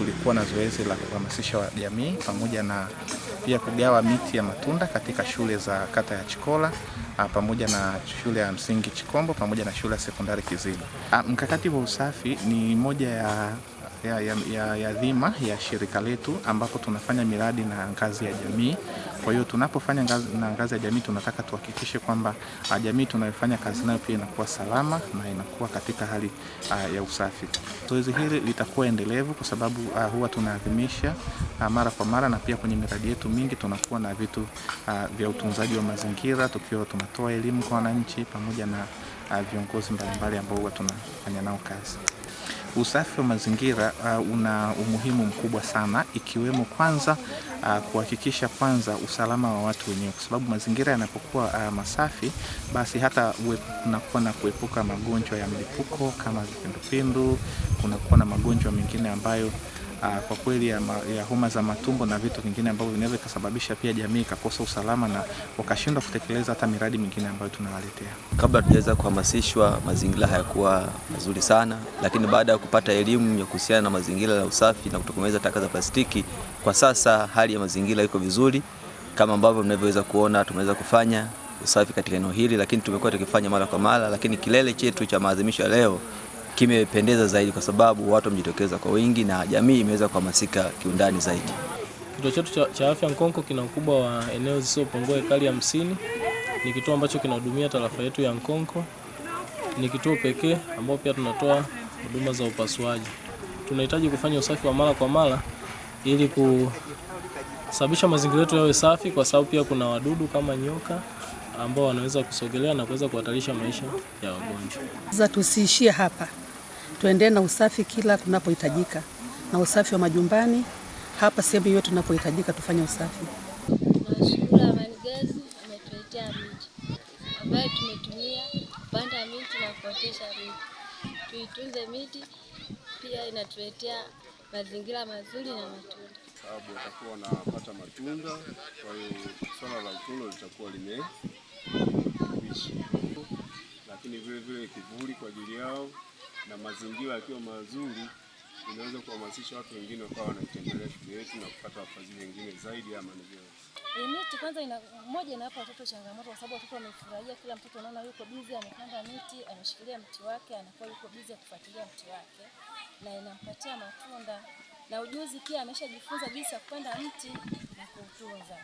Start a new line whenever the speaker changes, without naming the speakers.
tulikuwa na zoezi la kuhamasisha jamii pamoja na pia kugawa miti ya matunda katika shule za kata ya Chikola ah, pamoja na shule ya msingi Chikombo pamoja na shule ya sekondari Kiziba. Ah, mkakati wa usafi ni moja ya ya, ya, ya, ya dhima ya shirika letu ambapo tunafanya miradi na ngazi ya jamii. Kwa hiyo tunapofanya ngazi, na ngazi ya jamii tunataka tuhakikishe kwamba ah, jamii tunayofanya kazi nayo pia inakuwa salama na inakuwa katika hali uh, ya usafi. Zoezi hili litakuwa endelevu kwa sababu uh, huwa tunaadhimisha uh, mara kwa mara na pia kwenye miradi yetu mingi tunakuwa na vitu uh, vya utunzaji wa mazingira tukiwa tunatoa elimu kwa wananchi pamoja na uh, viongozi mbalimbali ambao huwa tunafanya nao kazi. Usafi wa mazingira uh, una umuhimu mkubwa sana ikiwemo kwanza uh, kuhakikisha kwanza usalama wa watu wenyewe, kwa sababu mazingira yanapokuwa uh, masafi, basi hata kunakuwa na kuepuka magonjwa ya mlipuko kama vipindupindu, kunakuwa na magonjwa mengine ambayo Ah, kwa kweli ya, ya homa za matumbo na vitu vingine ambavyo vinaweza kusababisha pia jamii ikakosa usalama na wakashindwa kutekeleza hata miradi mingine ambayo tunawaletea.
Kabla tujaweza kuhamasishwa, mazingira hayakuwa mazuri sana, lakini baada ya kupata elimu ya kuhusiana na mazingira ya usafi na kutokomeza taka za plastiki, kwa sasa hali ya mazingira iko vizuri kama ambavyo mnavyoweza kuona, tumeweza kufanya usafi katika eneo hili, lakini tumekuwa tukifanya mara kwa mara, lakini kilele chetu cha maadhimisho ya leo kimependeza zaidi kwa sababu watu wamejitokeza kwa wingi na jamii imeweza kuhamasika kiundani zaidi.
Kituo chetu cha afya Nkonko kina ukubwa wa eneo zisizopungua ekari hamsini. Ni kituo ambacho kinahudumia tarafa yetu ya Nkonko. Ni kituo pekee ambao pia tunatoa huduma za upasuaji. Tunahitaji kufanya usafi wa mara kwa mara ili kusababisha mazingira yetu yawe safi, kwa sababu pia kuna wadudu kama nyoka ambao wanaweza kusogelea na kuweza kuhatarisha maisha ya wagonjwa.
Tusiishie hapa tuendee na usafi kila tunapohitajika, na usafi wa majumbani hapa, sehemu yote tunapohitajika tufanye usafi.
Tunashukuru Amani Girls ametuletea miti ambayo tumetumia kupanda miti na kuotesha miti. Tuitunze miti, pia inatuletea mazingira mazuri na matunda,
sababu watakuwa wanapata matunda. Kwa hiyo swala la utulo litakuwa lime lakini vile vile kivuli kwa ajili yao na mazingira yakiwa mazuri, inaweza kuhamasisha watu wengine wakawa wanatembelea shule yetu na kupata wafadhili wengine zaidi ama ndivyo.
Miti kwanza ina, moja inawapa watoto changamoto kwa sababu watoto wamefurahia, kila mtoto anaona yuko bizi, amepanda miti, ameshikilia mti wake, anakuwa yuko bizi kufuatilia mti wake, na inampatia matunda na ujuzi pia, ameshajifunza jinsi ya kupanda mti na kuutunza.